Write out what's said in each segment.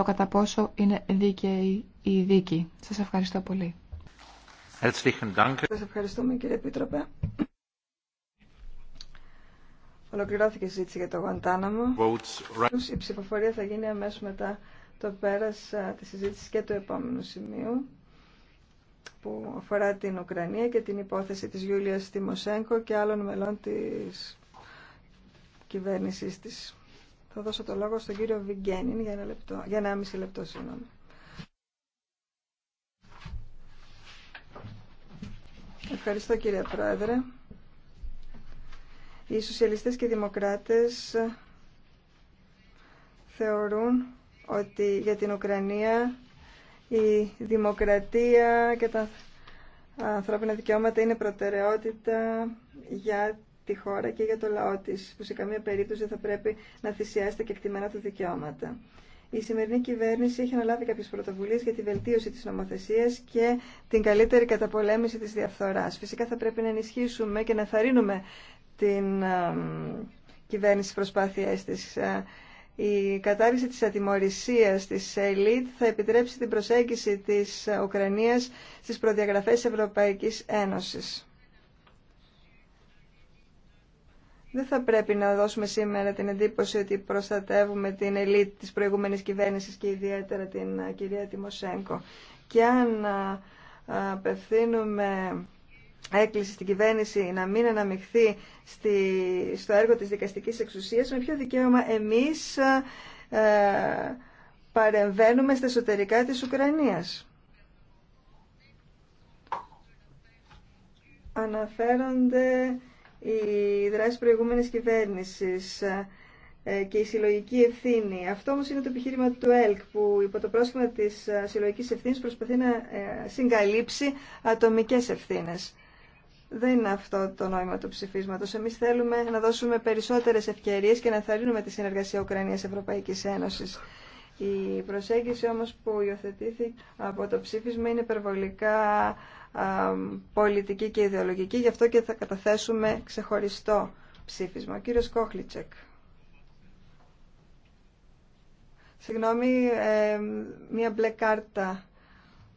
το κατά πόσο είναι δίκαιη η δίκη. Σας ευχαριστώ πολύ. Σας ευχαριστούμε κύριε Επίτροπε. Ολοκληρώθηκε η συζήτηση για το Γουαντάναμο. Η ψηφοφορία θα γίνει αμέσως μετά το πέρας της συζήτηση και του επόμενου σημείου που αφορά την Ουκρανία και την υπόθεση της Γιούλιας Τιμοσέγκο και άλλων μελών της κυβέρνησής της. Θα δώσω το λόγο στον κύριο Βιγγένιν για ένα, λεπτό, για ένα μισή λεπτό. Συγγνώμη. Ευχαριστώ κύριε Πρόεδρε. Οι σοσιαλιστές και οι δημοκράτες θεωρούν ότι για την Ουκρανία η δημοκρατία και τα ανθρώπινα δικαιώματα είναι προτεραιότητα για τη χώρα και για το λαό τη που σε καμία περίπτωση δεν θα πρέπει να θυσιάσει τα κεκτημένα του δικαιώματα. Η σημερινή κυβέρνηση έχει αναλάβει κάποιε πρωτοβουλίε για τη βελτίωση τη νομοθεσία και την καλύτερη καταπολέμηση τη διαφθορά. Φυσικά θα πρέπει να ενισχύσουμε και να θαρρύνουμε την κυβέρνηση στι προσπάθειέ τη. Ε, η κατάργηση της ατιμορρησίας της ΕΛΙΤ θα επιτρέψει την προσέγγιση της Ουκρανίας στις προδιαγραφές Ευρωπαϊκής Ένωσης. Δεν θα πρέπει να δώσουμε σήμερα την εντύπωση ότι προστατεύουμε την ελίτ της προηγούμενης κυβέρνησης και ιδιαίτερα την κυρία Τιμοσέγκο. Και αν απευθύνουμε έκκληση στην κυβέρνηση να μην αναμειχθεί στη, στο έργο της δικαστικής εξουσίας, με ποιο δικαίωμα εμείς ε, παρεμβαίνουμε στα εσωτερικά της Ουκρανίας. Αναφέρονται η δράση προηγούμενη κυβέρνηση ε, και η συλλογική ευθύνη. Αυτό όμω είναι το επιχείρημα του ΕΛΚ που υπό το πρόσχημα της ε, συλλογική Ευθύνη προσπαθεί να ε, συγκαλύψει ατομικέ ευθύνε. Δεν είναι αυτό το νόημα του ψηφίσματο. Εμεί θέλουμε να δώσουμε περισσότερε ευκαιρίε και να θαρρύνουμε τη συνεργασία Ουκρανία-Ευρωπαϊκή Ένωση. Η προσέγγιση όμως που υιοθετήθηκε από το ψήφισμα είναι υπερβολικά πολιτική και ιδεολογική, γι' αυτό και θα καταθέσουμε ξεχωριστό ψήφισμα. Ο κύριος Κόχλιτσεκ. Συγγνώμη, ε, μία μπλε κάρτα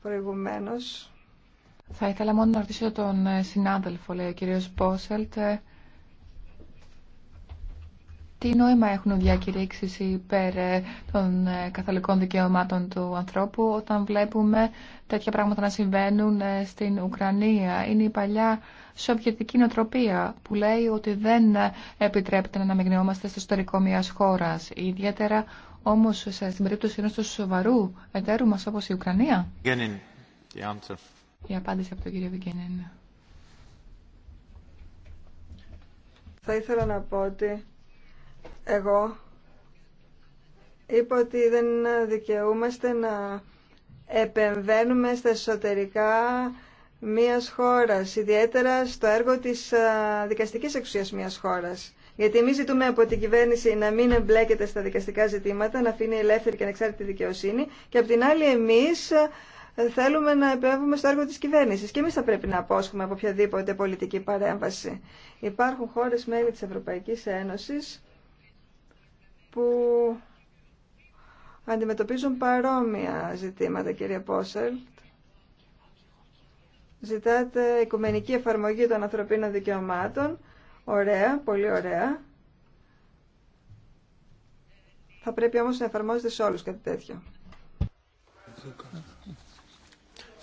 προηγουμένως. Θα ήθελα μόνο να ρωτήσω τον ε, συνάδελφο, λέει ο κύριος Πόσελτ, ε, τι νόημα έχουν διακηρύξει υπέρ ε, των ε, καθολικών δικαιωμάτων του ανθρώπου όταν βλέπουμε τέτοια πράγματα να συμβαίνουν ε, στην Ουκρανία. Είναι η παλιά σοβιετική νοοτροπία που λέει ότι δεν επιτρέπεται να αναμειγνυόμαστε στο ιστορικό μιας χώρας. Ιδιαίτερα όμω στην περίπτωση ενό τόσο σοβαρού εταίρου μας όπως η Ουκρανία. Η απάντηση από τον κύριο Βικένιν. Θα ήθελα να πω ότι εγώ είπα ότι δεν δικαιούμαστε να επεμβαίνουμε στα εσωτερικά μιας χώρας, ιδιαίτερα στο έργο της δικαστικής εξουσίας μιας χώρας. Γιατί εμεί ζητούμε από την κυβέρνηση να μην εμπλέκεται στα δικαστικά ζητήματα, να αφήνει ελεύθερη και ανεξάρτητη δικαιοσύνη και απ' την άλλη εμεί θέλουμε να επέμβουμε στο έργο τη κυβέρνηση. Και εμεί θα πρέπει να απόσχουμε από οποιαδήποτε πολιτική παρέμβαση. Υπάρχουν χώρε μέλη τη Ευρωπαϊκή Ένωση που αντιμετωπίζουν παρόμοια ζητήματα, κύριε Πόσελτ. Ζητάτε οικουμενική εφαρμογή των ανθρωπίνων δικαιωμάτων. Ωραία, πολύ ωραία. Θα πρέπει όμως να εφαρμόζεται σε όλους κάτι τέτοιο.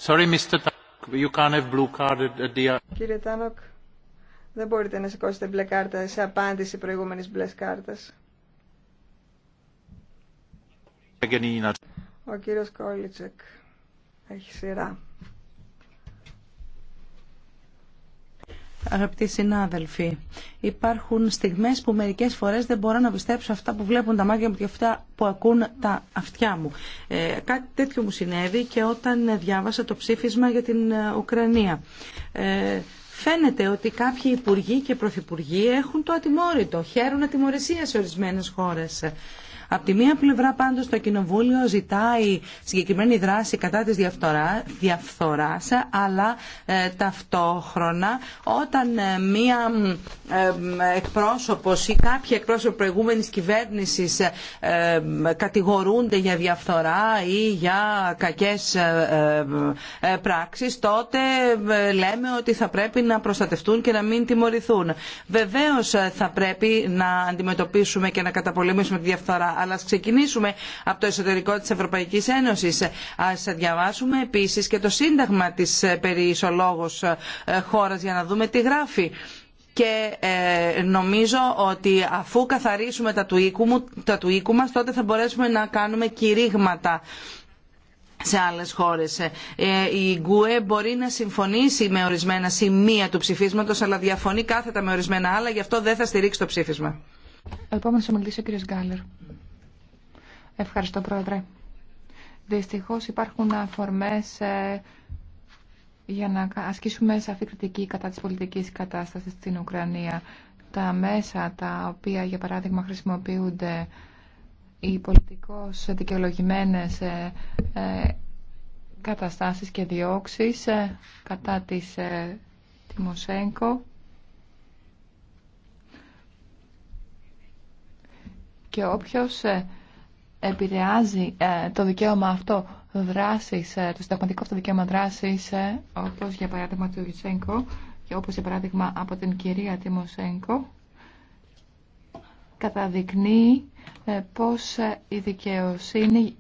Sorry, Mr. You can't have blue card at the... Κύριε Τάνοκ, δεν μπορείτε να σηκώσετε μπλε κάρτα σε απάντηση προηγούμενης μπλε κάρτας. Ο κύριος Κόλιτσεκ έχει σειρά. Αγαπητοί συνάδελφοι, υπάρχουν στιγμές που μερικέ φορές δεν μπορώ να πιστέψω αυτά που βλέπουν τα μάτια μου και αυτά που ακούν τα αυτιά μου. Ε, κάτι τέτοιο μου συνέβη και όταν διάβασα το ψήφισμα για την ε, Ουκρανία. Ε, Φαίνεται ότι κάποιοι υπουργοί και πρωθυπουργοί έχουν το ατιμόρυτο, χαίρουν ατιμορρησία σε ορισμένες χώρες. Από τη μία πλευρά πάντως το Κοινοβούλιο ζητάει συγκεκριμένη δράση κατά της διαφθορά, διαφθοράς, αλλά ε, ταυτόχρονα όταν ε, μία ε, εκπρόσωπος ή κάποιοι εκπρόσωποι προηγούμενης κυβέρνησης ε, κατηγορούνται για διαφθορά ή για κακές πράξεις, τότε λέμε ότι θα πρέπει να προστατευτούν και να μην τιμωρηθούν. Βεβαίως θα πρέπει να αντιμετωπίσουμε και να καταπολεμήσουμε τη διαφθορά, αλλά ας ξεκινήσουμε από το εσωτερικό της Ευρωπαϊκής Ένωσης. Ας διαβάσουμε επίσης και το σύνταγμα της ε, περί ισολόγως ε, χώρας για να δούμε τι γράφει και ε, νομίζω ότι αφού καθαρίσουμε τα του, οίκου τα μας τότε θα μπορέσουμε να κάνουμε κηρύγματα σε άλλες χώρες. η ΓΚΟΕ μπορεί να συμφωνήσει με ορισμένα σημεία του ψηφίσματος αλλά διαφωνεί κάθετα με ορισμένα άλλα γι' αυτό δεν θα στηρίξει το ψήφισμα. Επόμενος ο κ. Γκάλερ. Ευχαριστώ, Πρόεδρε. Δυστυχώς υπάρχουν αφορμές ε, για να ασκήσουμε σαφή κριτική κατά της πολιτικής κατάστασης στην Ουκρανία. Τα μέσα τα οποία, για παράδειγμα, χρησιμοποιούνται οι πολιτικώς δικαιολογημένες ε, ε, καταστάσεις και διώξεις κατά της Τιμοσέγκο και όποιος επηρεάζει ε, το δικαίωμα αυτό δράσης, ε, το συνταγματικό αυτό δικαίωμα δράσης, ε, όπως για παράδειγμα του Γιουτσέγκο και όπως για παράδειγμα από την κυρία Τιμοσέγκο, καταδεικνύει πώς η δικαιοσύνη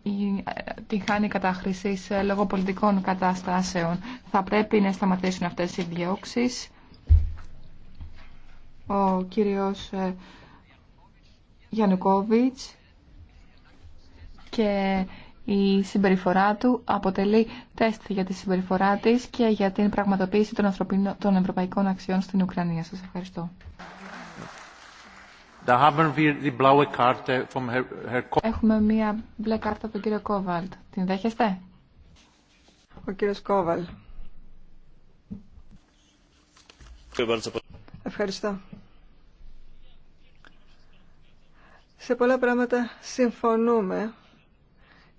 την χάνει χρήση λόγω πολιτικών καταστάσεων. Θα πρέπει να σταματήσουν αυτές οι διώξεις. Ο κύριος Γιαννουκόβιτς και η συμπεριφορά του αποτελεί τεστ για τη συμπεριφορά της και για την πραγματοποίηση των, ευρωπαϊκών αξιών στην Ουκρανία. Σας ευχαριστώ. Eh, Έχουμε μία μπλε κάρτα από τον κύριο Κόβαλτ. Την δέχεστε? Ο κύριος Κόβαλ. Ευχαριστώ. Σε πολλά πράγματα συμφωνούμε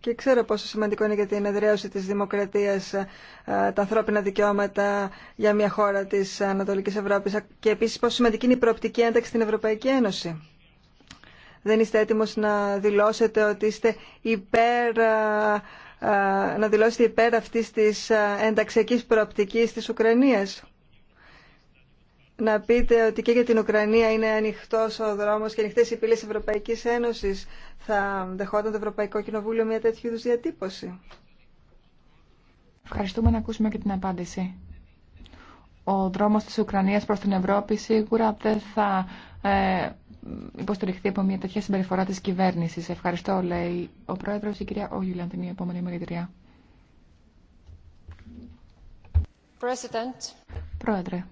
και ξέρω πόσο σημαντικό είναι για την εδραίωση της δημοκρατίας ε, τα ανθρώπινα δικαιώματα για μια χώρα της Ανατολικής Ευρώπης και επίσης πόσο σημαντική είναι η προοπτική ένταξη στην Ευρωπαϊκή Ένωση. Δεν είστε έτοιμος να δηλώσετε ότι είστε υπέρ, ε, ε, να δηλώσετε υπέρ αυτής της ενταξιακής προοπτικής της Ουκρανίας να πείτε ότι και για την Ουκρανία είναι ανοιχτό ο δρόμο και ανοιχτέ οι πύλε Ευρωπαϊκή Ένωση. Θα δεχόταν το Ευρωπαϊκό Κοινοβούλιο μια τέτοιου είδου διατύπωση. Ευχαριστούμε να ακούσουμε και την απάντηση. Ο δρόμος της Ουκρανίας προς την Ευρώπη σίγουρα δεν θα ε, υποστηριχθεί από μια τέτοια συμπεριφορά τη κυβέρνηση. Ευχαριστώ, λέει ο πρόεδρος, η κυρία Όγιουλαν, την επόμενη President. Πρόεδρε.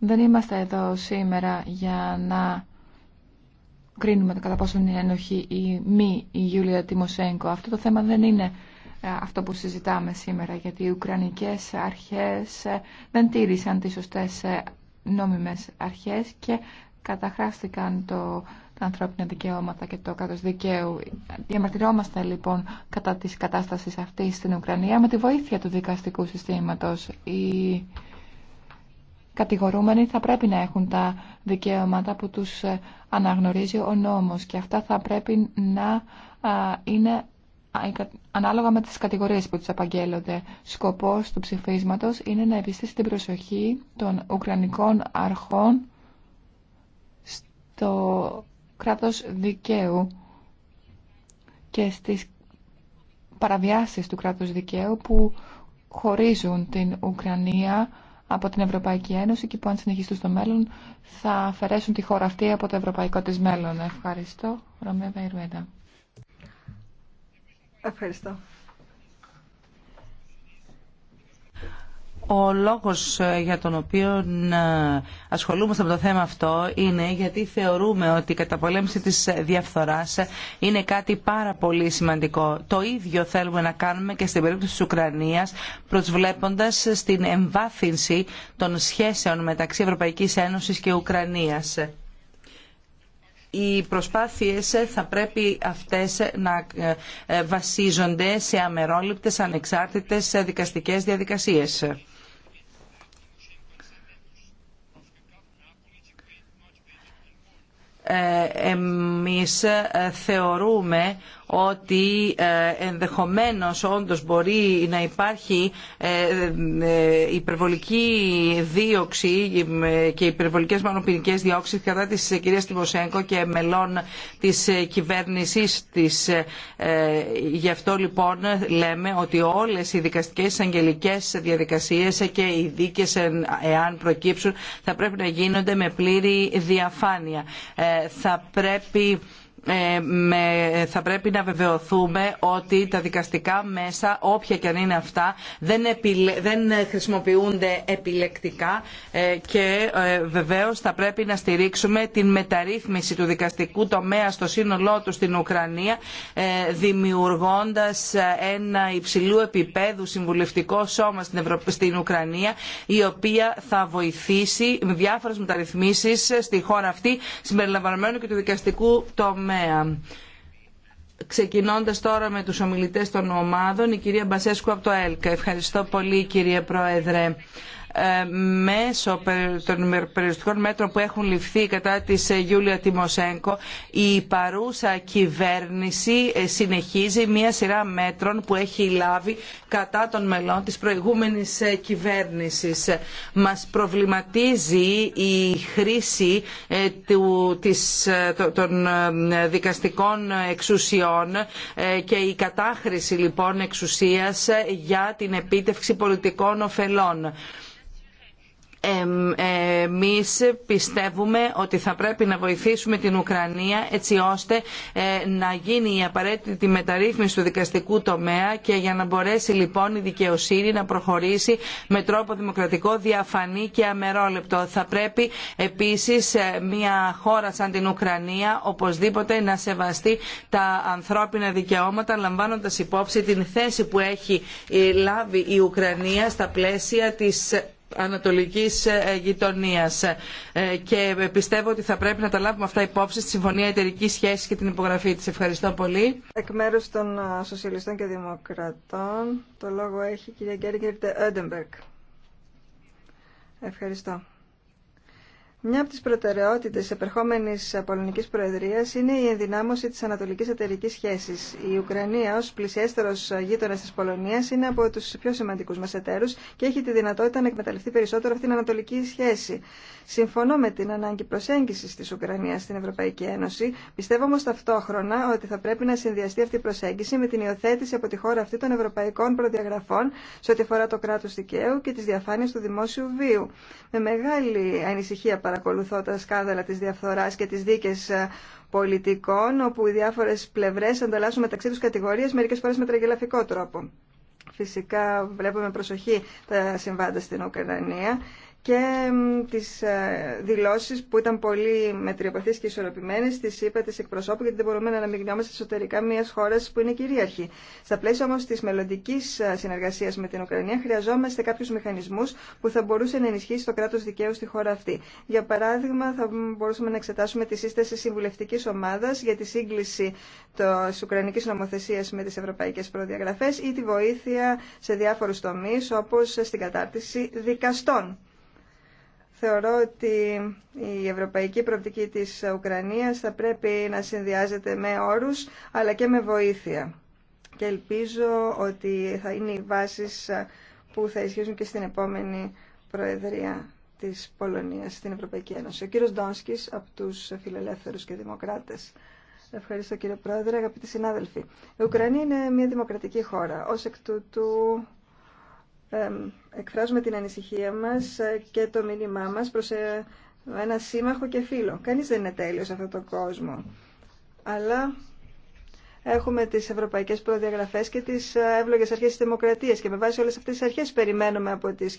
Δεν είμαστε εδώ σήμερα για να κρίνουμε κατά πόσο είναι ενοχή ή μη η Γιούλια Τιμοσέγκο. Αυτό το θέμα δεν είναι ε, αυτό που συζητάμε σήμερα, γιατί οι Ουκρανικές αρχές ε, δεν τήρησαν τις σωστές ε, νόμιμες αρχές και καταχράστηκαν το, τα ανθρώπινα δικαιώματα και το κράτος δικαίου. Διαμαρτυρόμαστε λοιπόν κατά της κατάστασης αυτής στην Ουκρανία με τη βοήθεια του δικαστικού συστήματος κατηγορούμενοι θα πρέπει να έχουν τα δικαιώματα που τους ε, αναγνωρίζει ο νόμος και αυτά θα πρέπει να είναι ανάλογα με τις κατηγορίες που τους απαγγέλλονται. Σκοπός του ψηφίσματος είναι να επιστήσει την προσοχή των Ουκρανικών αρχών στο κράτος δικαίου και στις παραβιάσεις του κράτους δικαίου που χωρίζουν την Ουκρανία από την Ευρωπαϊκή Ένωση και που αν συνεχιστούν στο μέλλον θα αφαιρέσουν τη χώρα αυτή από το ευρωπαϊκό της μέλλον. Ευχαριστώ. Ρωμέβα Ιρουέντα. Ευχαριστώ. Ο λόγος ε, για τον οποίο ε, ασχολούμαστε με το θέμα αυτό είναι γιατί θεωρούμε ότι η καταπολέμηση της διαφθοράς ε, είναι κάτι πάρα πολύ σημαντικό. Το ίδιο θέλουμε να κάνουμε και στην περίπτωση της Ουκρανίας προσβλέποντας στην εμβάθυνση των σχέσεων μεταξύ Ευρωπαϊκής Ένωσης και Ουκρανίας. Οι προσπάθειες θα πρέπει αυτές να βασίζονται σε αμερόληπτες, ανεξάρτητες δικαστικές διαδικασίες. Ε, εμείς ε, θεωρούμε ότι ε, ενδεχομένως όντως μπορεί να υπάρχει υπερβολική δίωξη και υπερβολικές μανοπυρικές διώξεις κατά της κυρίας Τιμοσέγκο και μελών της κυβέρνησης της. Γι' αυτό λοιπόν λέμε ότι όλες οι δικαστικές εισαγγελικές διαδικασίες και οι δίκες εάν προκύψουν θα πρέπει να γίνονται με πλήρη διαφάνεια θα πρέπει ε, θα πρέπει να βεβαιωθούμε ότι τα δικαστικά μέσα, όποια και αν είναι αυτά, δεν δεν χρησιμοποιούνται επιλεκτικά ε, και ε, βεβαίως θα πρέπει να στηρίξουμε την μεταρρύθμιση του δικαστικού τομέα στο σύνολό του στην Ουκρανία, δημιουργώντας ένα υψηλού επίπεδου συμβουλευτικό σώμα στην Ουκρανία, η οποία θα βοηθήσει διάφορες μεταρρυθμίσεις στη χώρα αυτή, συμπεριλαμβανομένου και του δικαστικού τομέα τομέα. Ξεκινώντας τώρα με του ομιλητέ των ομάδων, η κυρία Μπασέσκου από το ΕΛΚΑ. Ευχαριστώ πολύ κύριε Πρόεδρε. Ε, μέσω των περιοριστικών μέτρων που έχουν ληφθεί κατά της ε, Γιούλια Τιμοσένκο η παρούσα κυβέρνηση ε, συνεχίζει μία σειρά μέτρων που έχει λάβει κατά των μελών της προηγούμενης κυβέρνησης. Μας προβληματίζει η χρήση των δικαστικών εξουσιών και η κατάχρηση λοιπόν εξουσίας για την επίτευξη πολιτικών ωφελών εμείς πιστεύουμε ότι θα πρέπει να βοηθήσουμε την Ουκρανία έτσι ώστε ε, να γίνει η απαραίτητη μεταρρύθμιση του δικαστικού τομέα και για να μπορέσει λοιπόν η δικαιοσύνη να προχωρήσει με τρόπο δημοκρατικό, διαφανή και αμερόλεπτο. Θα πρέπει επίσης ε, μια χώρα σαν την Ουκρανία οπωσδήποτε να σεβαστεί τα ανθρώπινα δικαιώματα λαμβάνοντας υπόψη την θέση που έχει ε, λάβει η Ουκρανία στα πλαίσια της ανατολικής ε, γειτονίας ε, και πιστεύω ότι θα πρέπει να τα λάβουμε αυτά υπόψη στη Συμφωνία Εταιρική Σχέσης και την υπογραφή της. Ευχαριστώ πολύ. Εκ μέρους των ε, Σοσιαλιστών και Δημοκρατών το λόγο έχει η κυρία Γκέργκερ Γκέριγκερτε-Εντεμπερκ. Ευχαριστώ. Μια από τι προτεραιότητε της επερχόμενης πολωνικής είναι η ενδυνάμωση τη Ανατολική εταιρική σχέση. Η Ουκρανία ω πλησιέστερος γείτονα τη Πολωνία, είναι από του πιο σημαντικού μα εταίρου και έχει τη δυνατότητα να εκμεταλλευτεί περισσότερο αυτήν την ανατολική σχέση. Συμφωνώ με την ανάγκη προσέγγιση τη Ουκρανίας στην Ευρωπαϊκή Ένωση. Πιστεύω όμω ταυτόχρονα ότι θα πρέπει να συνδυαστεί αυτή η προσέγγιση με την υιοθέτηση από τη χώρα αυτή των ευρωπαϊκών προδιαγραφών σε ό,τι αφορά το κράτος δικαίου και τι του δημόσιου βίου. Με μεγάλη ανησυχία παρακολουθώ τα σκάνδαλα της διαφθοράς και τις δίκες ε, πολιτικών, όπου οι διάφορες πλευρές ανταλλάσσουν μεταξύ τους κατηγορίες, μερικές φορές με τραγελαφικό τρόπο. Φυσικά βλέπουμε προσοχή τα συμβάντα στην Ουκρανία και τις ε, δηλώσεις που ήταν πολύ μετριοπαθείς και ισορροπημένες τις είπα τις εκπροσώπου γιατί δεν μπορούμε να αναμειγνιόμαστε εσωτερικά μιας χώρας που είναι κυρίαρχη. Στα πλαίσια όμως της μελλοντική ε, συνεργασίας με την Ουκρανία χρειαζόμαστε κάποιους μηχανισμούς που θα μπορούσε να ενισχύσει το κράτος δικαίου στη χώρα αυτή. Για παράδειγμα θα μπορούσαμε να εξετάσουμε τη σύσταση συμβουλευτικής ομάδας για τη σύγκληση της Ουκρανικής νομοθεσίας με τις ευρωπαϊκές προδιαγραφές ή τη βοήθεια σε διάφορους τομείς όπως στην κατάρτιση δικαστών. Θεωρώ ότι η ευρωπαϊκή προοπτική της Ουκρανίας θα πρέπει να συνδυάζεται με όρους αλλά και με βοήθεια. Και ελπίζω ότι θα είναι οι βάσεις που θα ισχύσουν και στην επόμενη Προεδρία της Πολωνίας στην Ευρωπαϊκή Ένωση. Ο κύριος Ντόνσκης από τους Φιλελεύθερους και Δημοκράτες. Ευχαριστώ κύριε Πρόεδρε, αγαπητοί συνάδελφοι. Η Ουκρανία είναι μια δημοκρατική χώρα. Ως εκ τούτου εκφράζουμε την ανησυχία μας ε, και το μήνυμά μας προς ε, ένα σύμμαχο και φίλο. Κανείς δεν είναι τέλειος σε αυτόν τον κόσμο. Αλλά έχουμε τις ευρωπαϊκές προδιαγραφές και τις ε, εύλογες αρχές της δημοκρατίας και με βάση όλες αυτές τις αρχές περιμένουμε από τις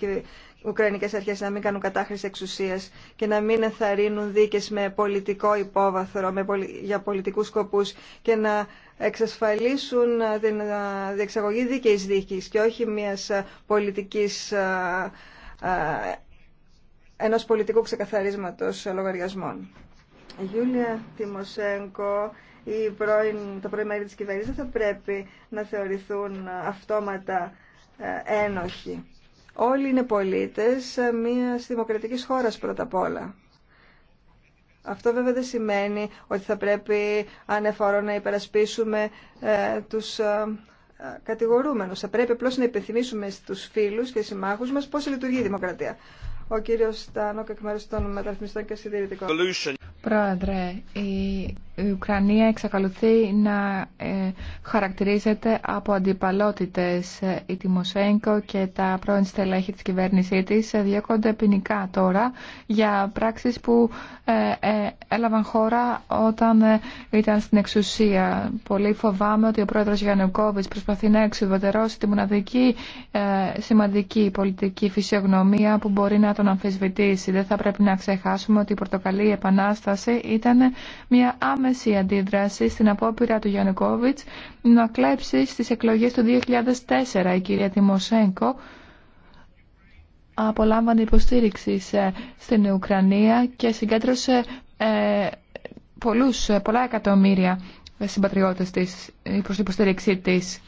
ουκρανικές αρχές να μην κάνουν κατάχρηση εξουσίας και να μην ενθαρρύνουν δίκες με πολιτικό υπόβαθρο, με για πολιτικούς σκοπούς και να εξασφαλίσουν ε, την ε, διεξαγωγή δίκαιης δίκης και όχι μιας πολιτικής ενός πολιτικού ξεκαθαρίσματος λογαριασμών. Γιούλια Τιμοσέγκο οι πρώην, τα πρώην μέρη της κυβέρνησης δεν θα πρέπει να θεωρηθούν αυτόματα ε, ένοχοι. Όλοι είναι πολίτες ε, μία δημοκρατικής χώρας πρώτα απ' όλα. Αυτό βέβαια δεν σημαίνει ότι θα πρέπει ανεφορό να υπερασπίσουμε ε, τους ε, κατηγορούμενους. Θα πρέπει απλώς να υπενθυμίσουμε στους φίλους και συμμάχους μας πώς λειτουργεί η δημοκρατία. Ο κύριος Στάνοκ εκ μέρους των μεταρρυθμιστών και συντηρητικών. Πρόεδρε, η η Ουκρανία εξακολουθεί να ε, χαρακτηρίζεται από αντιπαλότητες. Η Τιμοσέγκο και τα πρώην στελέχη της κυβέρνησή της ε, διέκονται ποινικά τώρα για πράξεις που ε, έλαβαν χώρα όταν ήταν στην εξουσία. Πολύ φοβάμαι ότι ο πρόεδρος Γιαννουκόβης προσπαθεί να εξουδετερώσει τη μοναδική σημαντική πολιτική φυσιογνωμία που μπορεί να τον αμφισβητήσει. Δεν θα πρέπει να ξεχάσουμε ότι η Πορτοκαλή Επανάσταση ήταν μια άμεση άμεση αντίδραση στην απόπειρα του Γιαννικόβιτς να κλέψει στις εκλογές του 2004 η κυρία Τιμοσέγκο απολάμβανε υποστήριξη στην Ουκρανία και συγκέντρωσε ε, πολλούς, πολλά εκατομμύρια συμπατριώτες της προς υποστήριξή της.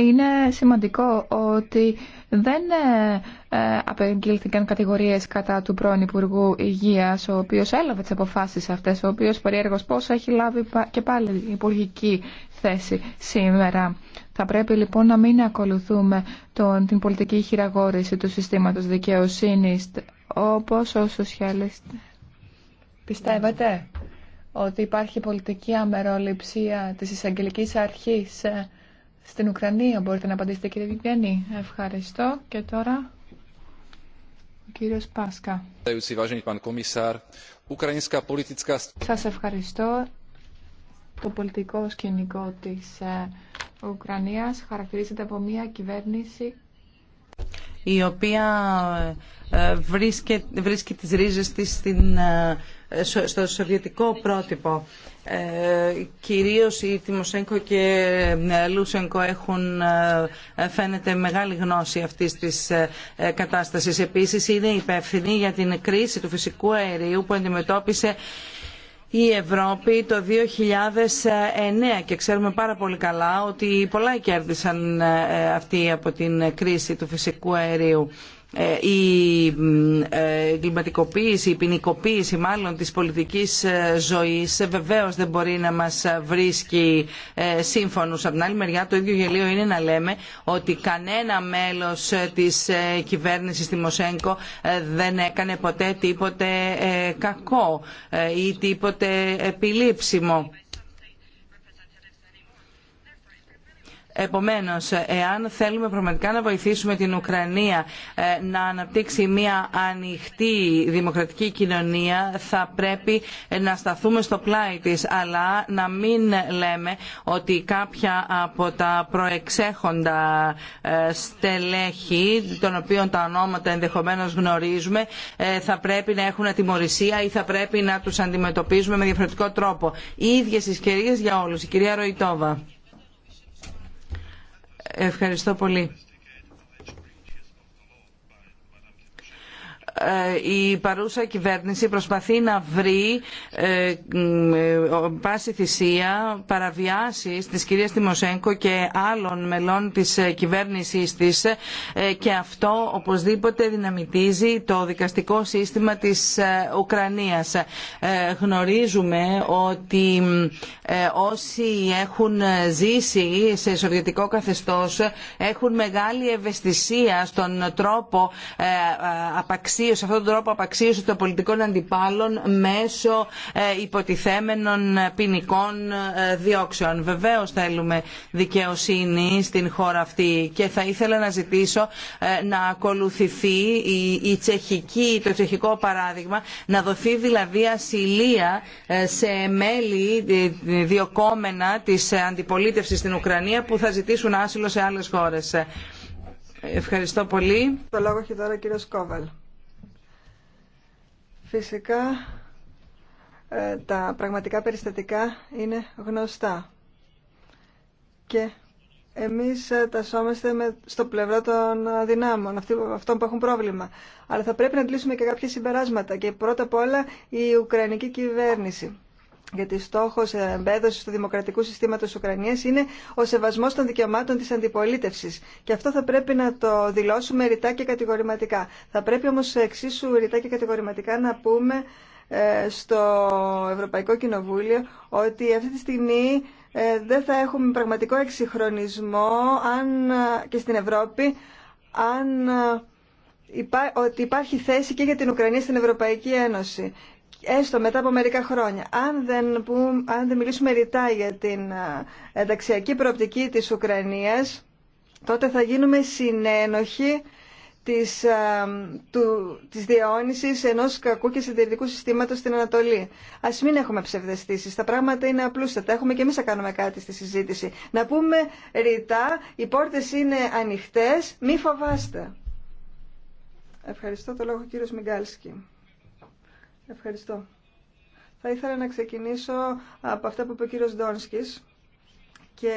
Είναι σημαντικό ότι δεν ε, ε, απεγγείλθηκαν κατηγορίες κατά του πρώην Υπουργού Υγείας, ο οποίος έλαβε τις αποφάσεις αυτές, ο οποίος περιέργο πώς έχει λάβει και πάλι υπουργική θέση σήμερα. Θα πρέπει λοιπόν να μην ακολουθούμε την πολιτική χειραγόρηση του συστήματος δικαιοσύνης, όπως ο σοσιαλιστή. Πιστεύετε ότι υπάρχει πολιτική αμεροληψία της εισαγγελικής αρχής ε, στην Ουκρανία. Μπορείτε να απαντήσετε κύριε Βιβιανή. Ευχαριστώ. Και τώρα ο κύριος Πάσκα. Σας ευχαριστώ. Το πολιτικό σκηνικό της ε, Ουκρανίας χαρακτηρίζεται από μια κυβέρνηση η οποία ε, βρίσκει, βρίσκει τις ρίζες της ε, στο σοβιετικό πρότυπο. Ε, κυρίως οι τιμοσένκο και ε, Λούσενκο έχουν φαίνεται μεγάλη γνώση αυτής της κατάστασης. Επίσης είναι υπεύθυνη για την κρίση του φυσικού αερίου που αντιμετώπισε η Ευρώπη το 2009 και ξέρουμε πάρα πολύ καλά ότι πολλά κέρδισαν ε, αυτοί από την κρίση του φυσικού αερίου. Ε, η ε, εγκληματικοποίηση, η ποινικοποίηση μάλλον της πολιτικής ε, ζωής βεβαίως δεν μπορεί να μας βρίσκει σύμφωνους. Από την άλλη μεριά το ίδιο γελίο είναι να λέμε ότι κανένα μέλος της κυβέρνησης Τιμοσέγκο δεν έκανε ποτέ τίποτε κακό ή τίποτε επιλήψιμο Επομένως, εάν θέλουμε πραγματικά να βοηθήσουμε την Ουκρανία ε, να αναπτύξει μια ανοιχτή δημοκρατική κοινωνία, θα πρέπει να σταθούμε στο πλάι της, αλλά να μην λέμε ότι κάποια από τα προεξέχοντα ε, στελέχη, των οποίων τα ονόματα ενδεχομένως γνωρίζουμε, ε, θα πρέπει να έχουν ατιμορρησία ή θα πρέπει να τους αντιμετωπίζουμε με διαφορετικό τρόπο. Οι ίδιες για όλους. Η κυρία Ροϊτόβα. Ευχαριστώ πολύ. Ε, η παρούσα κυβέρνηση προσπαθεί να βρει ε, ε, πάση θυσία παραβιάσεις της κυρίας Τιμοσέγκο και άλλων μελών της κυβέρνησής της και αυτό οπωσδήποτε δυναμητίζει το δικαστικό σύστημα της Ουκρανίας. Γνωρίζουμε ότι όσοι έχουν ζήσει σε σοβιετικό καθεστώς έχουν μεγάλη ευαισθησία στον τρόπο απαξίωσης σε αυτόν τον τρόπο απαξίωση των πολιτικών αντιπάλων μέσω ε, υποτιθέμενων ποινικών ε, διώξεων. Βεβαίω θέλουμε δικαιοσύνη στην χώρα αυτή και θα ήθελα να ζητήσω ε, να ακολουθηθεί η τσεχική, το τσεχικό παράδειγμα, να δοθεί δηλαδή ασυλία σε μέλη διοκόμενα της αντιπολίτευσης στην Ουκρανία που θα ζητήσουν άσυλο σε άλλες χώρες. Ευχαριστώ πολύ. Το λόγο έχει τώρα ο κύριος Κόβαλ. Φυσικά ε, τα πραγματικά περιστατικά είναι γνωστά και εμείς ε, τασόμαστε με, στο πλευρό των ε, δυνάμων, αυτών που έχουν πρόβλημα. Αλλά θα πρέπει να αντλήσουμε και κάποια συμπεράσματα και πρώτα απ' όλα η Ουκρανική κυβέρνηση γιατί στόχο εμπέδωση του δημοκρατικού συστήματο Ουκρανία είναι ο σεβασμό των δικαιωμάτων τη αντιπολίτευση. Και αυτό θα πρέπει να το δηλώσουμε ρητά και κατηγορηματικά. Θα πρέπει όμω εξίσου ρητά και κατηγορηματικά να πούμε ε, στο Ευρωπαϊκό Κοινοβούλιο ότι αυτή τη στιγμή ε, δεν θα έχουμε πραγματικό εξυγχρονισμό ε, και στην Ευρώπη αν υπάρχει θέση και για την Ουκρανία στην Ευρωπαϊκή Ένωση έστω μετά από μερικά χρόνια, αν δεν, που, αν δεν μιλήσουμε ρητά για την ε, ενταξιακή προοπτική της Ουκρανίας, τότε θα γίνουμε συνένοχοι της, α, ε, του, της ενός κακού και συντηρητικού συστήματος στην Ανατολή. Ας μην έχουμε ψευδεστήσεις. Τα πράγματα είναι απλούστατα. Έχουμε και εμείς να κάνουμε κάτι στη συζήτηση. Να πούμε ρητά, οι πόρτες είναι ανοιχτές, μη φοβάστε. Ευχαριστώ το λόγο κύριος Μιγκάλσκι. Ευχαριστώ. Θα ήθελα να ξεκινήσω από αυτά που είπε ο κύριος Ντόνσκης και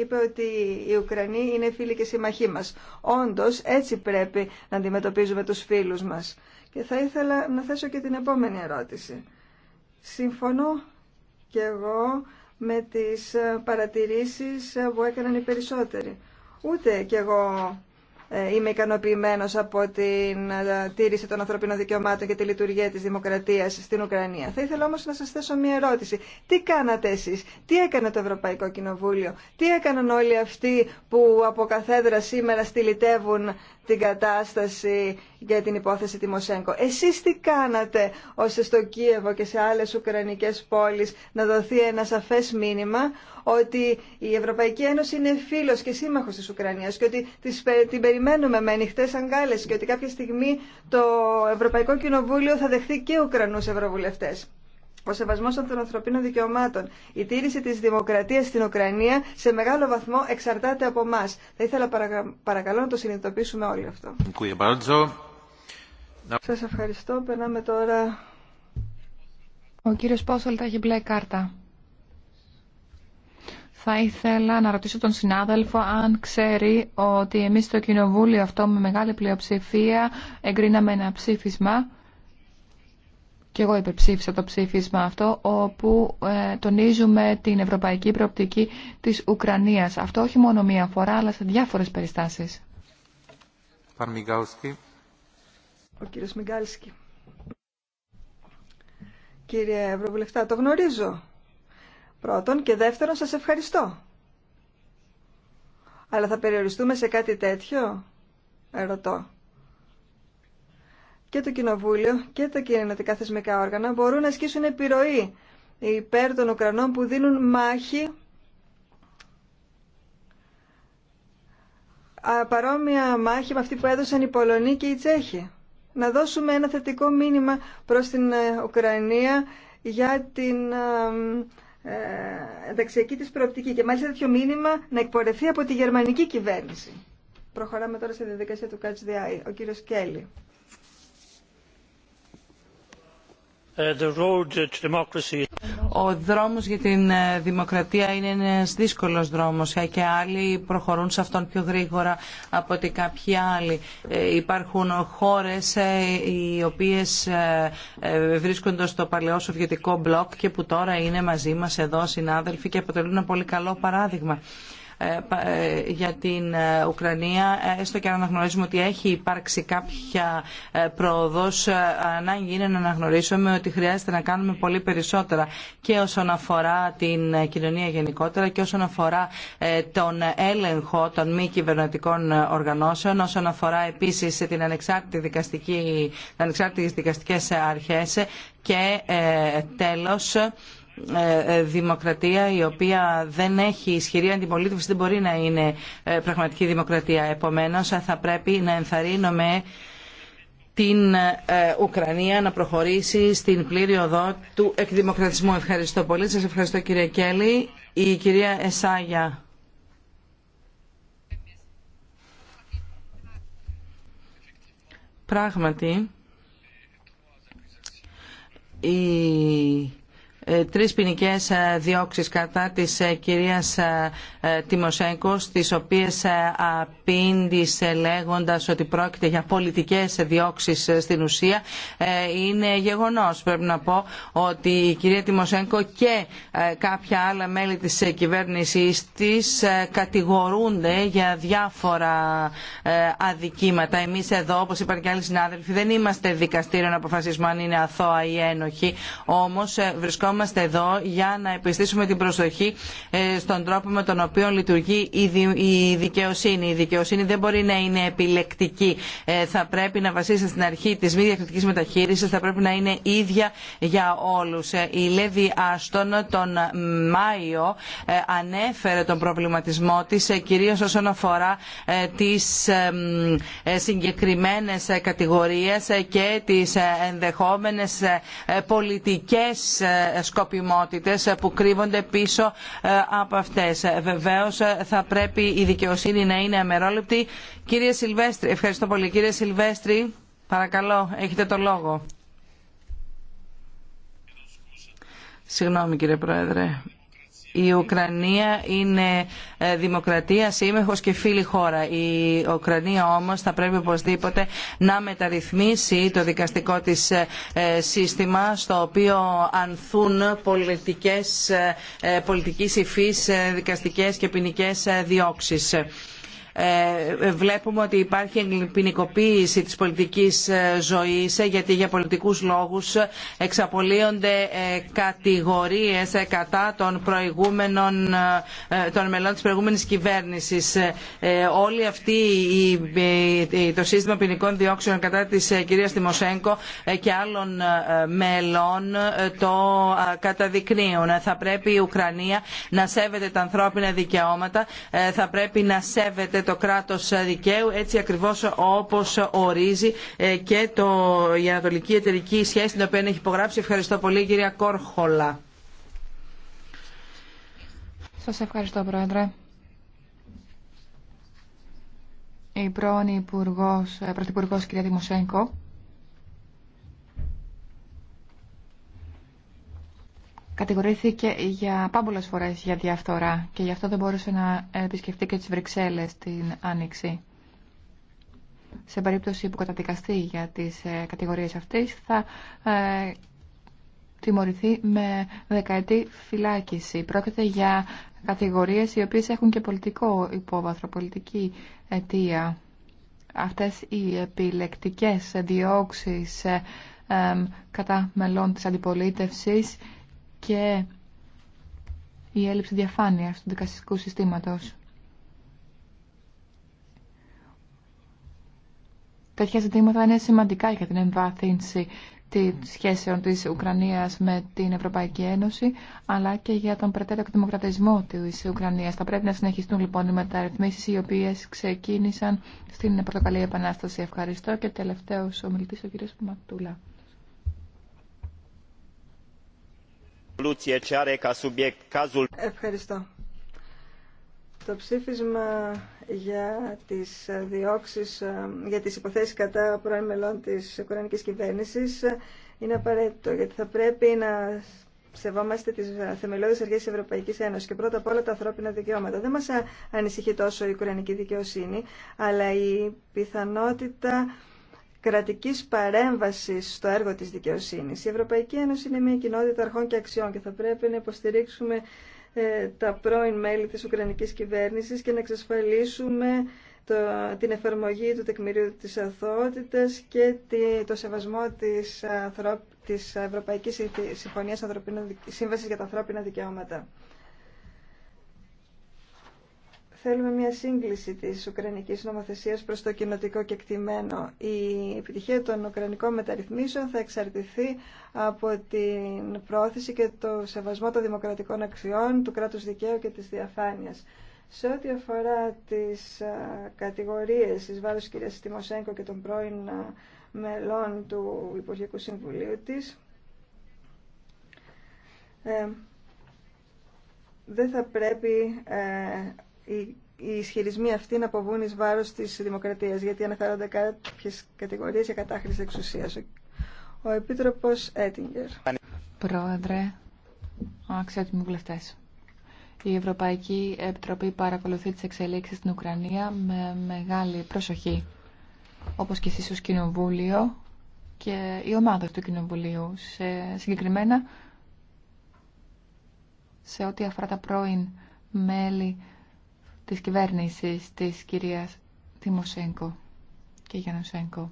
είπε ότι οι Ουκρανοί είναι φίλοι και συμμαχοί μας. Όντως, έτσι πρέπει να αντιμετωπίζουμε τους φίλους μας. Και θα ήθελα να θέσω και την επόμενη ερώτηση. Συμφωνώ και εγώ με τις παρατηρήσεις που έκαναν οι περισσότεροι. Ούτε κι εγώ ε, είμαι ικανοποιημένο από την ε, τήρηση των ανθρωπίνων δικαιωμάτων και τη λειτουργία τη δημοκρατίας στην Ουκρανία. Θα ήθελα όμως να σας θέσω μια ερώτηση. Τι κάνατε εσεί, τι έκανε το Ευρωπαϊκό Κοινοβούλιο, τι έκαναν όλοι αυτοί που από καθέδρα σήμερα στυλιτεύουν την κατάσταση για την υπόθεση Τιμοσέγκο. Εσείς τι κάνατε ώστε στο Κίεβο και σε άλλες ουκρανικές πόλεις να δοθεί ένα σαφές μήνυμα ότι η Ευρωπαϊκή Ένωση είναι φίλος και σύμμαχος της Ουκρανίας και ότι την περιμένουμε με ανοιχτέ αγκάλες και ότι κάποια στιγμή το Ευρωπαϊκό Κοινοβούλιο θα δεχθεί και Ουκρανούς Ευρωβουλευτές ο σεβασμός των ανθρωπίνων δικαιωμάτων, η τήρηση της δημοκρατίας στην Ουκρανία σε μεγάλο βαθμό εξαρτάται από εμά. Θα ήθελα παρακαλώ να το συνειδητοποιήσουμε όλοι αυτό. Σας ευχαριστώ. Περνάμε τώρα... Ο κύριος Πόσολτα έχει μπλε κάρτα. Θα ήθελα να ρωτήσω τον συνάδελφο αν ξέρει ότι εμείς στο κοινοβούλιο αυτό με μεγάλη πλειοψηφία εγκρίναμε ένα ψήφισμα και εγώ υπερψήφισα το ψήφισμα αυτό, όπου ε, τονίζουμε την ευρωπαϊκή προοπτική της Ουκρανίας. Αυτό όχι μόνο μία φορά, αλλά σε διάφορες περιστάσεις. Κύριε Ευρωβουλευτά, το γνωρίζω. Πρώτον και δεύτερον, σας ευχαριστώ. Αλλά θα περιοριστούμε σε κάτι τέτοιο, ερωτώ και το Κοινοβούλιο και τα κοινωνικά θεσμικά όργανα μπορούν να ασκήσουν επιρροή υπέρ των Ουκρανών που δίνουν μάχη παρόμοια μάχη με αυτή που έδωσαν οι Πολωνοί και οι Τσέχοι. Να δώσουμε ένα θετικό μήνυμα προς την ε, Ουκρανία για την ε, ενταξιακή της προοπτική και μάλιστα τέτοιο μήνυμα να εκπορευθεί από τη γερμανική κυβέρνηση. Προχωράμε τώρα σε διαδικασία του ΚΑΤΣΔΙ. Ο κύριος Κέλλη. Ε, Ο δρόμος για την ε, δημοκρατία είναι ένας δύσκολος δρόμος ε, και άλλοι προχωρούν σε αυτόν πιο γρήγορα από ότι κάποιοι άλλοι. Υπάρχουν χώρες οι οποίες βρίσκονται στο παλαιό σοβιετικό μπλοκ και που τώρα είναι μαζί μας εδώ συνάδελφοι και αποτελούν ένα πολύ καλό παράδειγμα. Ε, ε, για την ε, Ουκρανία, έστω και αν αναγνωρίζουμε ότι έχει υπάρξει κάποια πρόοδο. ανάγκη είναι να αναγνωρίσουμε ότι χρειάζεται να κάνουμε πολύ περισσότερα και όσον αφορά την κοινωνία γενικότερα και όσον αφορά τον έλεγχο των μη κυβερνητικών οργανώσεων, όσον αφορά επίση την ανεξάρτητη δικαστική, ανεξάρτητες δικαστικές και τέλος ε, ε, δημοκρατία η οποία δεν έχει ισχυρή αντιπολίτευση δεν μπορεί να είναι ε, πραγματική δημοκρατία. Επομένως θα πρέπει να ενθαρρύνουμε την Ουκρανία να προχωρήσει στην πλήρη οδό του εκδημοκρατισμού. Ευχαριστώ πολύ. Σας ευχαριστώ κύριε Κέλλη. Η κυρία Εσάγια. Πράγματι, η ε, τρεις ποινικέ ε, διώξεις κατά της ε, κυρίας Τιμοσέγκο, τις οποίες απήντησε λέγοντας ότι πρόκειται για πολιτικές διώξεις στην ουσία, είναι γεγονός. Πρέπει να πω ότι η κυρία Τιμοσέγκο και κάποια άλλα μέλη της κυβέρνησής της κατηγορούνται για διάφορα αδικήματα. Εμείς εδώ, όπως είπαν και άλλοι συνάδελφοι, δεν είμαστε δικαστήριο να αποφασίσουμε αν είναι αθώα ή ένοχη. όμως βρισκόμαστε βρισκόμαστε εδώ για να επιστήσουμε την προσοχή ε, στον τρόπο με τον οποίο λειτουργεί η δικαιοσύνη. Η δικαιοσύνη δεν μπορεί να είναι επιλεκτική. Ε, θα πρέπει να βασίζεται στην αρχή της μη διακριτική μεταχείρισης, θα πρέπει να είναι ίδια για όλους. Ε, η Λέβη Άστον τον Μάιο ανέφερε τον προβληματισμό της κυρίως όσον αφορά τις συγκεκριμένες κατηγορίες και τις ενδεχόμενες πολιτικές σκοπιμότητες που κρύβονται πίσω ε, από αυτές. Ε, βεβαίως ε, θα πρέπει η δικαιοσύνη να είναι αμερόληπτη. Κύριε Σιλβέστρη, ευχαριστώ πολύ. Κύριε Σιλβέστρη, παρακαλώ, έχετε το λόγο. Συγγνώμη κύριε Πρόεδρε. Η Ουκρανία είναι ε, δημοκρατία, σύμμεχο και φίλη χώρα. Η Ουκρανία όμως θα πρέπει οπωσδήποτε να μεταρρυθμίσει το δικαστικό της ε, ε, σύστημα στο οποίο ανθούν πολιτικές, πολιτικής υφής δικαστικές και ποινικέ διώξεις. Ε, βλέπουμε ότι υπάρχει ποινικοποίηση της πολιτικής ε, ζωής ε, γιατί για πολιτικούς λόγους εξαπολύονται κατηγορίες κατά των προηγούμενων των μελών της προηγούμενης κυβέρνησης. Όλοι αυτή το σύστημα ποινικών διώξεων κατά της κυρίας Τιμοσέγκο και άλλων μελών το καταδεικνύουν. Θα πρέπει η Ουκρανία να σέβεται τα ανθρώπινα δικαιώματα, θα πρέπει να σέβεται το κράτος δικαίου έτσι ακριβώς όπως ορίζει ε, και το, η Ανατολική Εταιρική Σχέση την οποία έχει υπογράψει. Ευχαριστώ πολύ κυρία Κόρχολα. Σας ευχαριστώ Πρόεδρε. Η πρώην Υπουργός, ε, Πρωθυπουργός κυρία Δημοσένκο. κατηγορήθηκε για πάμπολες φορές για διαφθορά και γι' αυτό δεν μπόρεσε να επισκεφτεί και τις Βρυξέλλες την Άνοιξη. Σε περίπτωση που καταδικαστεί για τις ε, κατηγορίες αυτές θα ε, τιμωρηθεί με δεκαετή φυλάκιση. Πρόκειται για κατηγορίες οι οποίες έχουν και πολιτικό υπόβαθρο, πολιτική αιτία. Αυτές οι επιλεκτικές διώξεις ε, ε, κατά μελών της αντιπολίτευσης και η έλλειψη διαφάνειας του δικαστικού συστήματος. Τέτοια ζητήματα είναι σημαντικά για την εμβάθυνση των σχέσεων της Ουκρανίας με την Ευρωπαϊκή Ένωση, αλλά και για τον περαιτέρω εκδημοκρατισμό της Ουκρανίας. Θα πρέπει να συνεχιστούν λοιπόν οι μεταρρυθμίσεις οι οποίες ξεκίνησαν στην Πρωτοκαλία Επανάσταση. Ευχαριστώ και τελευταίος ομιλητής ο κ. Ματούλα. Ευχαριστώ. Το ψήφισμα για τις διώξεις, για τις υποθέσεις κατά πρώην μελών της Ουκρανικής κυβέρνησης είναι απαραίτητο γιατί θα πρέπει να σεβόμαστε τις θεμελιώδεις αρχές της Ευρωπαϊκής Ένωσης και πρώτα απ' όλα τα ανθρώπινα δικαιώματα. Δεν μας ανησυχεί τόσο η κουρανική δικαιοσύνη, αλλά η πιθανότητα κρατικής παρέμβασης στο έργο της δικαιοσύνης. Η Ευρωπαϊκή Ένωση είναι μια κοινότητα αρχών και αξιών και θα πρέπει να υποστηρίξουμε ε, τα πρώην μέλη της Ουκρανικής κυβέρνησης και να εξασφαλίσουμε την εφαρμογή του τεκμηρίου της αθωότητας και το σεβασμό της, της Ευρωπαϊκής Συμφωνίας Ανθρωπίνων, Σύμβασης για τα Ανθρώπινα Δικαιώματα θέλουμε μια σύγκληση της Ουκρανικής νομοθεσίας προς το κοινοτικό κεκτημένο. Η επιτυχία των Ουκρανικών μεταρρυθμίσεων θα εξαρτηθεί από την πρόθεση και το σεβασμό των δημοκρατικών αξιών, του κράτους δικαίου και της διαφάνειας. Σε ό,τι αφορά τις κατηγορίες της βάρος κυρίας Τιμοσέγκο και των πρώην μελών του Υπουργικού Συμβουλίου της, ε, δεν θα πρέπει ε, οι ισχυρισμοί αυτοί να αποβούν εις βάρος της δημοκρατίας, γιατί αναφέρονται κάποιες κατηγορίες για κατάχρηση εξουσίας. Ο Επίτροπος Έτιγκερ. Πρόεδρε, αξιότιμοι βουλευτές. Η Ευρωπαϊκή Επιτροπή παρακολουθεί τις εξελίξεις στην Ουκρανία με μεγάλη προσοχή. Όπως και εσείς ως Κοινοβούλιο και η ομάδα του Κοινοβουλίου σε συγκεκριμένα σε ό,τι αφορά τα πρώην μέλη της κυβέρνησης της κυρίας Τιμοσένκο και γιανοσένκο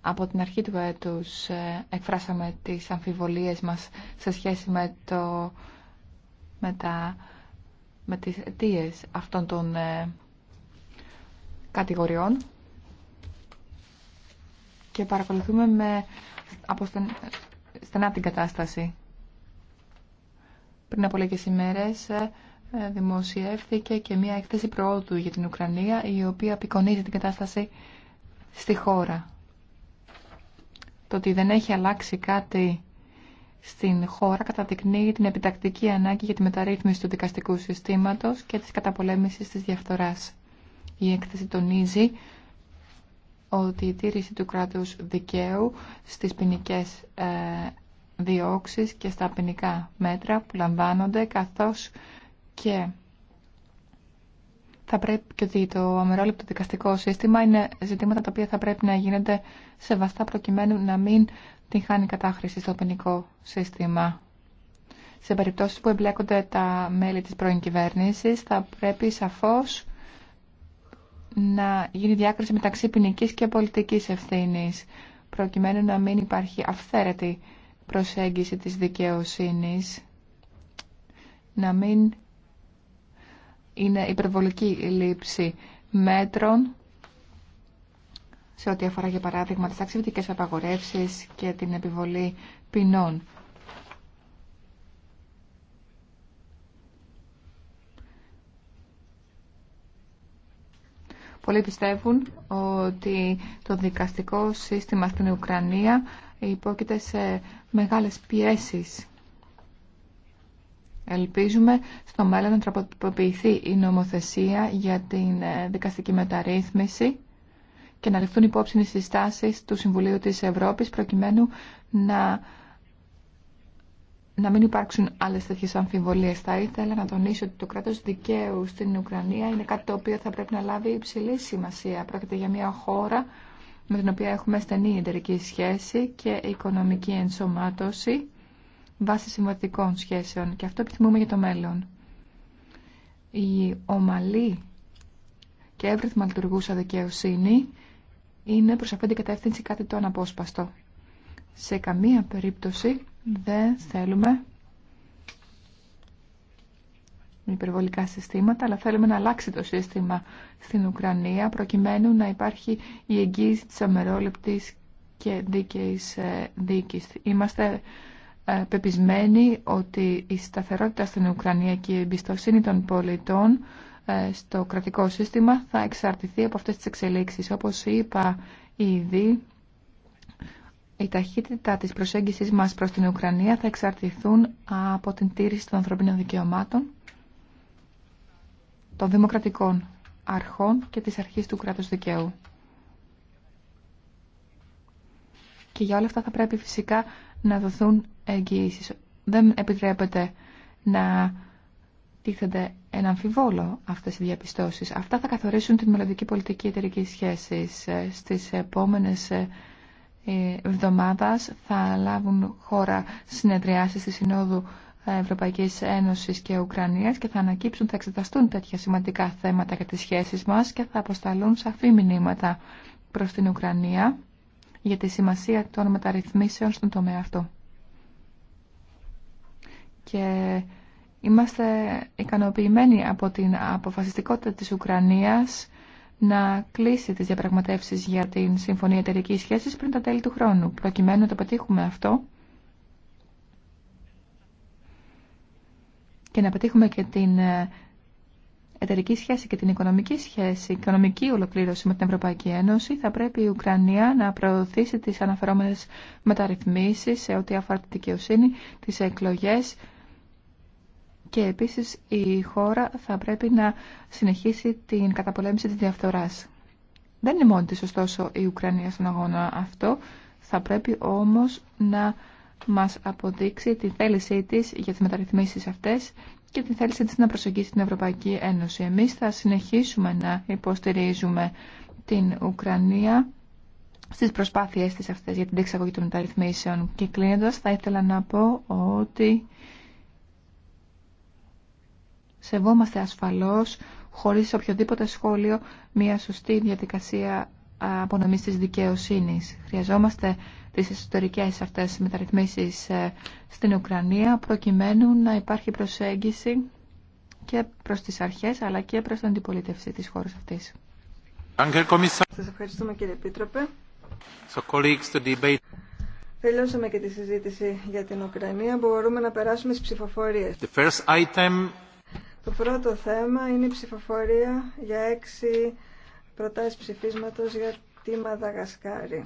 Από την αρχή του έτους ε, εκφράσαμε τις αμφιβολίες μας σε σχέση με, το, με, τα, με τις αιτίε αυτών των ε, κατηγοριών και παρακολουθούμε με, από στεν, στενά την κατάσταση. Πριν από λίγες ημέρες ε, δημοσιεύθηκε και μια έκθεση προόδου για την Ουκρανία η οποία απεικονίζει την κατάσταση στη χώρα. Το ότι δεν έχει αλλάξει κάτι στην χώρα καταδεικνύει την επιτακτική ανάγκη για τη μεταρρύθμιση του δικαστικού συστήματος και της καταπολέμησης της διαφθοράς. Η έκθεση τονίζει ότι η τήρηση του κράτους δικαίου στις ποινικέ ε, διώξεις και στα ποινικά μέτρα που λαμβάνονται καθώς και θα πρέπει και ότι το αμερόληπτο δικαστικό σύστημα είναι ζητήματα τα οποία θα πρέπει να γίνονται σεβαστά προκειμένου να μην την χάνει κατάχρηση στο ποινικό σύστημα. Σε περιπτώσει που εμπλέκονται τα μέλη της πρώην κυβέρνηση, θα πρέπει σαφώς να γίνει διάκριση μεταξύ ποινική και πολιτικής ευθύνης προκειμένου να μην υπάρχει αυθαίρετη προσέγγιση της δικαιοσύνης να μην είναι υπερβολική λήψη μέτρων σε ό,τι αφορά για παράδειγμα τις ταξιδιωτικές απαγορεύσεις και την επιβολή ποινών. Πολλοί πιστεύουν ότι το δικαστικό σύστημα στην Ουκρανία υπόκειται σε μεγάλες πιέσεις Ελπίζουμε στο μέλλον να τροποποιηθεί η νομοθεσία για την ε, δικαστική μεταρρύθμιση και να ληφθούν υπόψη οι συστάσεις του Συμβουλίου της Ευρώπης προκειμένου να, να μην υπάρξουν άλλες τέτοιες αμφιβολίες. Θα ήθελα να τονίσω ότι το κράτος δικαίου στην Ουκρανία είναι κάτι το οποίο θα πρέπει να λάβει υψηλή σημασία. Πρόκειται για μια χώρα με την οποία έχουμε στενή εταιρική σχέση και οικονομική ενσωμάτωση βάσει συμβατικών σχέσεων και αυτό επιθυμούμε για το μέλλον. Η ομαλή και εύρυθμα λειτουργούσα δικαιοσύνη είναι προς αυτήν την κατεύθυνση κάτι το αναπόσπαστο. Σε καμία περίπτωση δεν θέλουμε υπερβολικά συστήματα, αλλά θέλουμε να αλλάξει το σύστημα στην Ουκρανία προκειμένου να υπάρχει η εγγύηση της αμερόληπτης και δίκαιης ε, δίκης. Είμαστε ε, πεπισμένη ότι η σταθερότητα στην Ουκρανία και η εμπιστοσύνη των πολιτών ε, στο κρατικό σύστημα θα εξαρτηθεί από αυτές τις εξελίξεις. Όπως είπα ήδη, η ταχύτητα της προσέγγισης μας προς την Ουκρανία θα εξαρτηθούν από την τήρηση των ανθρωπίνων δικαιωμάτων, των δημοκρατικών αρχών και της αρχής του κράτους δικαίου. Και για όλα αυτά θα πρέπει φυσικά να δοθούν εγγυήσεις. Δεν επιτρέπεται να τίθενται ένα αμφιβόλο αυτές οι διαπιστώσεις. Αυτά θα καθορίσουν την μελλοντική πολιτική εταιρική σχέση. Ε, στις επόμενες ε, ε, εβδομάδες θα λάβουν χώρα συνεδριάσεις της Συνόδου Ευρωπαϊκής Ένωσης και Ουκρανίας και θα ανακύψουν, θα εξεταστούν τέτοια σημαντικά θέματα για τις σχέσεις μας και θα αποσταλούν σαφή μηνύματα προς την Ουκρανία για τη σημασία των μεταρρυθμίσεων στον τομέα αυτό. Και είμαστε ικανοποιημένοι από την αποφασιστικότητα της Ουκρανίας να κλείσει τις διαπραγματεύσεις για την Συμφωνία εταιρική Σχέσης πριν τα τέλη του χρόνου. Προκειμένου να το πετύχουμε αυτό και να πετύχουμε και την ε, εταιρική σχέση και την οικονομική σχέση, οικονομική ολοκλήρωση με την Ευρωπαϊκή Ένωση, θα πρέπει η Ουκρανία να προωθήσει τις αναφερόμενες μεταρρυθμίσεις σε ό,τι αφορά τη δικαιοσύνη, τις εκλογές και επίσης η χώρα θα πρέπει να συνεχίσει την καταπολέμηση της διαφθοράς. Δεν είναι μόνη της, ωστόσο, η Ουκρανία στον αγώνα αυτό. Θα πρέπει όμως να μας αποδείξει τη θέλησή της για τις μεταρρυθμίσεις αυτές και τη θέληση της να προσεγγίσει την Ευρωπαϊκή Ένωση. Εμείς θα συνεχίσουμε να υποστηρίζουμε την Ουκρανία στις προσπάθειές της αυτές για την εξαγωγή των μεταρρυθμίσεων. Και κλείνοντας θα ήθελα να πω ότι σεβόμαστε ασφαλώς χωρίς οποιοδήποτε σχόλιο μια σωστή διαδικασία απονομής της δικαιοσύνης. Χρειαζόμαστε τις ιστορικές αυτές μεταρρυθμίσεις ε, στην Ουκρανία προκειμένου να υπάρχει προσέγγιση και προς τις αρχές αλλά και προς την αντιπολίτευση της χώρας αυτής. Σας ευχαριστούμε κύριε Επίτροπε. Τελειώσαμε και τη συζήτηση για την Ουκρανία. Μπορούμε να περάσουμε στις ψηφοφορίες. The first item... Το πρώτο θέμα είναι η ψηφοφορία για έξι προτάσεις ψηφίσματος για τη Μαδαγασκάρη.